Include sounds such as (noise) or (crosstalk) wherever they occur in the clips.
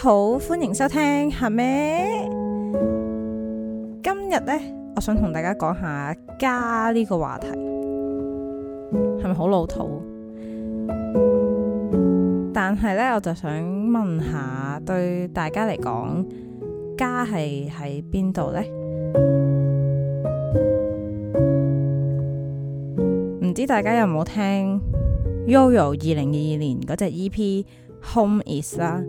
好，歡迎收聽，係咩？今日呢，我想同大家講下家呢個話題，係咪好老土？但係呢，我就想問下，對大家嚟講，家係喺邊度呢？唔知大家有冇聽 Yoyo 二零二二年嗰隻 EP《Home Is》啦？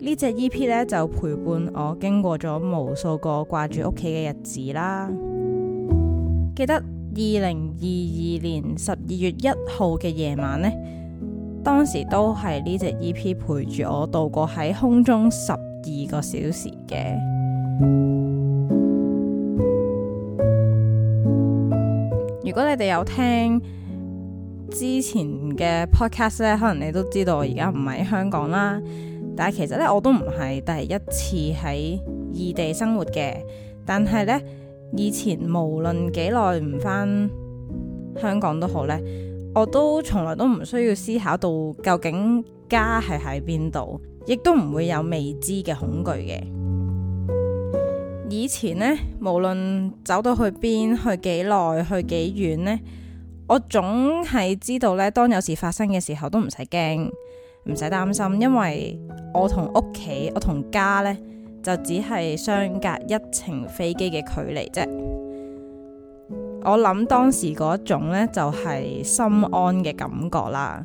呢隻 EP 咧就陪伴我經過咗無數個掛住屋企嘅日子啦。記得二零二二年十二月一號嘅夜晚呢，當時都係呢隻 EP 陪住我度過喺空中十二個小時嘅。如果你哋有聽之前嘅 Podcast 咧，可能你都知道我而家唔喺香港啦。但係其實咧，我都唔係第一次喺異地生活嘅。但係咧，以前無論幾耐唔翻香港都好咧，我都從來都唔需要思考到究竟家係喺邊度，亦都唔會有未知嘅恐懼嘅。以前咧，無論走到去邊、去幾耐、去幾遠咧，我總係知道咧，當有事發生嘅時候都唔使驚。唔使擔心，因為我同屋企、我同家咧就只係相隔一程飛機嘅距離啫。我諗當時嗰種咧就係、是、心安嘅感覺啦。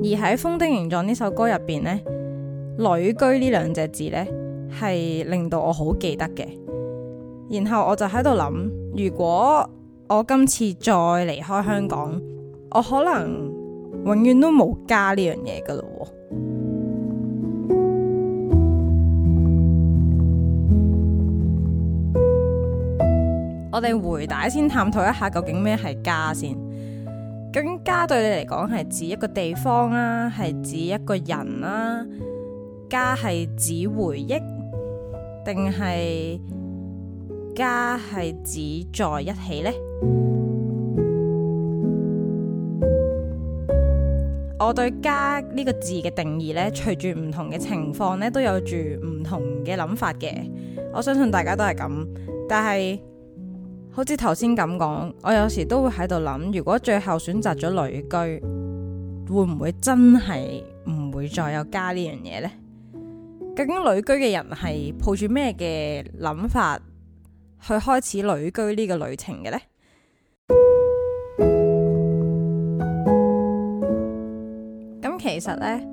而喺《風的形狀》呢首歌入邊咧，旅居兩呢兩隻字咧係令到我好記得嘅。然後我就喺度諗，如果我今次再離開香港。我可能永遠都冇家呢樣嘢噶咯。我哋回帶先探討一下究竟咩係家先。究竟家對你嚟講係指一個地方啊？係指一個人啊？家係指回憶，定係家係指在一起呢？我對家呢個字嘅定義呢，隨住唔同嘅情況呢，都有住唔同嘅諗法嘅。我相信大家都係咁，但係好似頭先咁講，我有時都會喺度諗，如果最後選擇咗旅居，會唔會真係唔會再有家呢樣嘢呢？究竟旅居嘅人係抱住咩嘅諗法去開始旅居呢個旅程嘅呢？其實咧，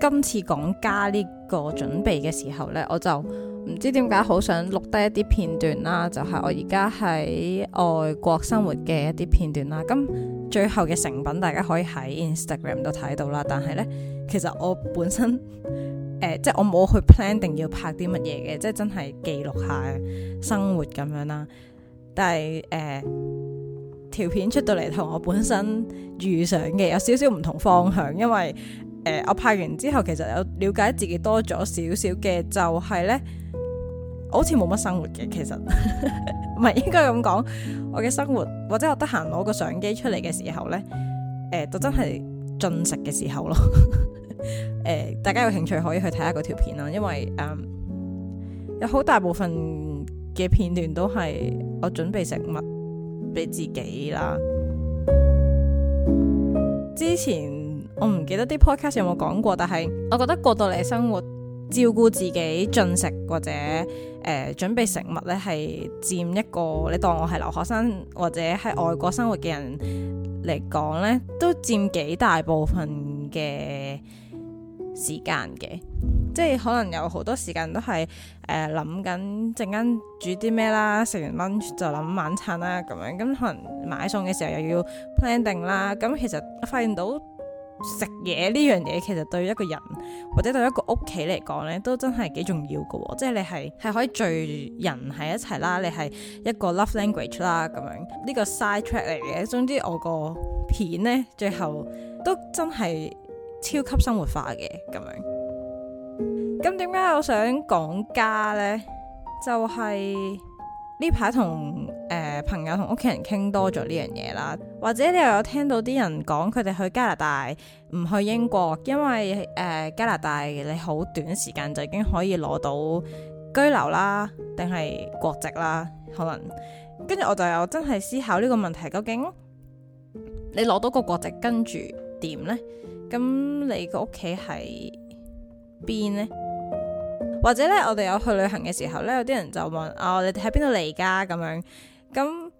今次講家呢個準備嘅時候咧，我就唔知點解好想錄低一啲片段啦，就係、是、我而家喺外國生活嘅一啲片段啦。咁最後嘅成品大家可以喺 Instagram 度睇到啦。但係咧，其實我本身誒、呃，即係我冇去 plan 定要拍啲乜嘢嘅，即係真係記錄下生活咁樣啦。但係誒。呃條片出到嚟，同我本身預想嘅有少少唔同方向，因為誒、呃、我拍完之後其實有了解自己多咗少少嘅，就是，就係呢，好似冇乜生活嘅，其實唔係 (laughs) 應該咁講，我嘅生活或者我得閒攞個相機出嚟嘅時候呢，誒就真係進食嘅時候咯，誒、 (laughs) 呃、大家有興趣可以去睇下嗰條片啦，因為誒、呃、有好大部分嘅片段都係我準備食物。俾自己啦。之前我唔記得啲 podcast 有冇講過，但係我覺得過到嚟生活，照顧自己進食或者誒、呃、準備食物咧，係佔一個你當我係留學生或者喺外國生活嘅人嚟講咧，都佔幾大部分嘅時間嘅。即係可能有好多時間都係誒諗緊，陣間煮啲咩啦，食完 lunch 就諗晚餐啦，咁樣咁可能買餸嘅時候又要 planning 啦。咁其實我發現到食嘢呢樣嘢，其實對一個人或者對一個屋企嚟講呢，都真係幾重要嘅，哦。即係你係係可以聚人喺一齊啦，你係一個 love language 啦，咁樣呢個 side track 嚟嘅。總之我個片呢，最後都真係超級生活化嘅咁樣。咁點解我想講家呢？就係呢排同誒朋友同屋企人傾多咗呢樣嘢啦，或者你又有聽到啲人講佢哋去加拿大唔去英國，因為誒、呃、加拿大你好短時間就已經可以攞到居留啦，定係國籍啦？可能跟住我就有真係思考呢個問題，究竟你攞到個國籍跟住點呢？咁你個屋企喺邊呢？或者咧，我哋有去旅行嘅時候咧，有啲人就問啊，你哋喺邊度嚟噶咁樣？咁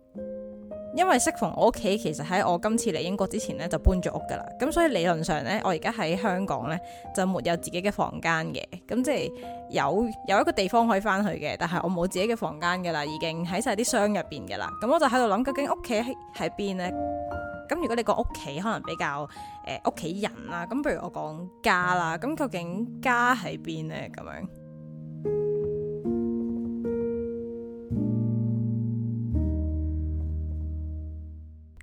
因為適逢我屋企其實喺我今次嚟英國之前咧就搬咗屋噶啦，咁所以理論上咧，我而家喺香港咧就沒有自己嘅房間嘅，咁即係有有一個地方可以翻去嘅，但係我冇自己嘅房間噶啦，已經喺晒啲箱入邊噶啦。咁我就喺度諗，究竟屋企喺喺邊咧？咁如果你個屋企，可能比較誒屋企人啦，咁譬如我講家啦，咁究竟家喺邊呢？咁樣？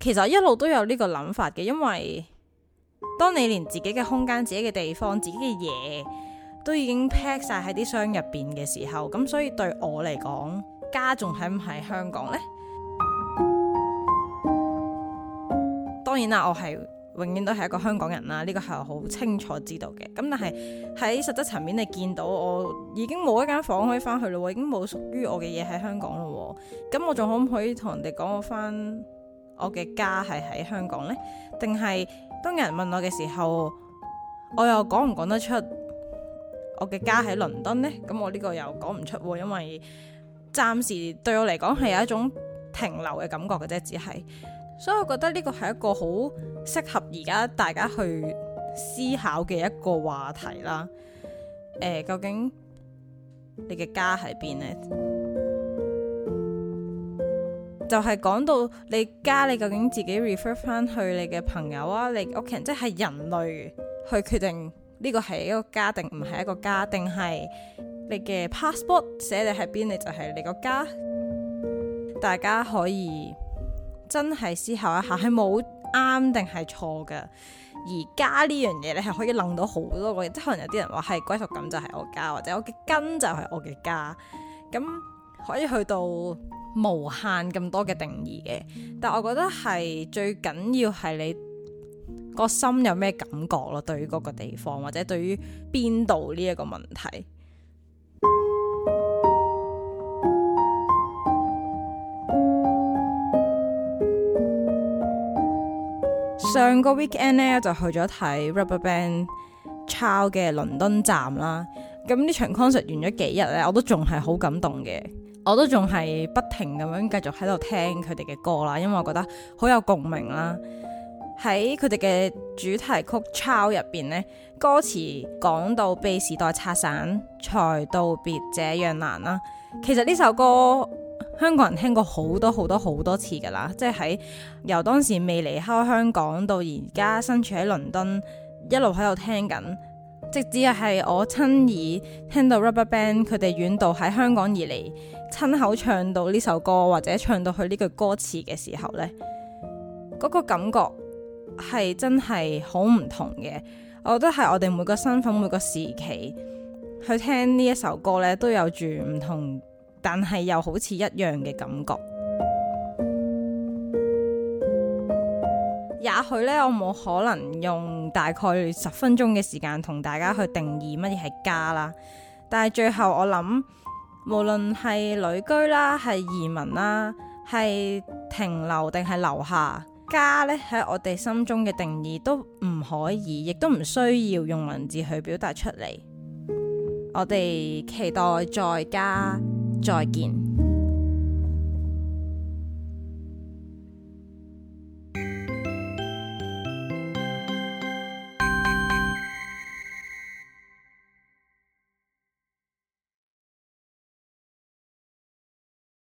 其實一路都有呢個諗法嘅，因為當你連自己嘅空間、自己嘅地方、自己嘅嘢都已經 pack 晒喺啲箱入邊嘅時候，咁所以對我嚟講，家仲喺唔喺香港呢？ (music) 當然啦，我係永遠都係一個香港人啦。呢個係好清楚知道嘅。咁但係喺實質層面，你見到我已經冇一間房可以翻去咯我已經冇屬於我嘅嘢喺香港咯。咁我仲可唔可以同人哋講我翻？我嘅家係喺香港呢？定係當有人問我嘅時候，我又講唔講得出我嘅家喺倫敦呢？咁我呢個又講唔出，因為暫時對我嚟講係有一種停留嘅感覺嘅啫，只係，所以我覺得呢個係一個好適合而家大家去思考嘅一個話題啦。呃，究竟你嘅家喺邊呢？就係講到你家，你究竟自己 refer 翻去你嘅朋友啊，你屋企人，即係人類去決定呢個係一個家定唔係一個家，定係你嘅 passport 寫你喺邊，你就係你個家。大家可以真係思考一下，係冇啱定係錯嘅。而家呢樣嘢你係可以諗到好多個，即係可能有啲人話係歸屬感就係我家，或者我嘅根就係我嘅家咁。可以去到無限咁多嘅定義嘅，但我覺得係最緊要係你個心有咩感覺咯，對於嗰個地方或者對於邊度呢一個問題。 (music) 上個 weekend 咧，就去咗睇 Rubberband c h 抄嘅倫敦站啦。咁呢場 concert 完咗幾日咧，我都仲係好感動嘅。我都仲係不停咁樣繼續喺度聽佢哋嘅歌啦，因為我覺得好有共鳴啦。喺佢哋嘅主題曲《Ciao》入邊呢，歌詞講到被時代拆散，才道別這樣難啦。其實呢首歌香港人聽過好多好多好多好多次噶啦，即係喺由當時未離開香港到而家身處喺倫敦，一路喺度聽緊。直至係我親耳聽到 Rubberband 佢哋遠道喺香港而嚟，親口唱到呢首歌或者唱到佢呢句歌詞嘅時候呢，嗰個感覺係真係好唔同嘅。我覺得係我哋每個身份、每個時期去聽呢一首歌呢都有住唔同，但係又好似一樣嘅感覺。也許咧，我冇可能用大概十分鐘嘅時間同大家去定義乜嘢係家啦。但係最後我諗，無論係旅居啦、係移民啦、係停留定係留下，家呢喺我哋心中嘅定義都唔可以，亦都唔需要用文字去表達出嚟。我哋期待在家再見。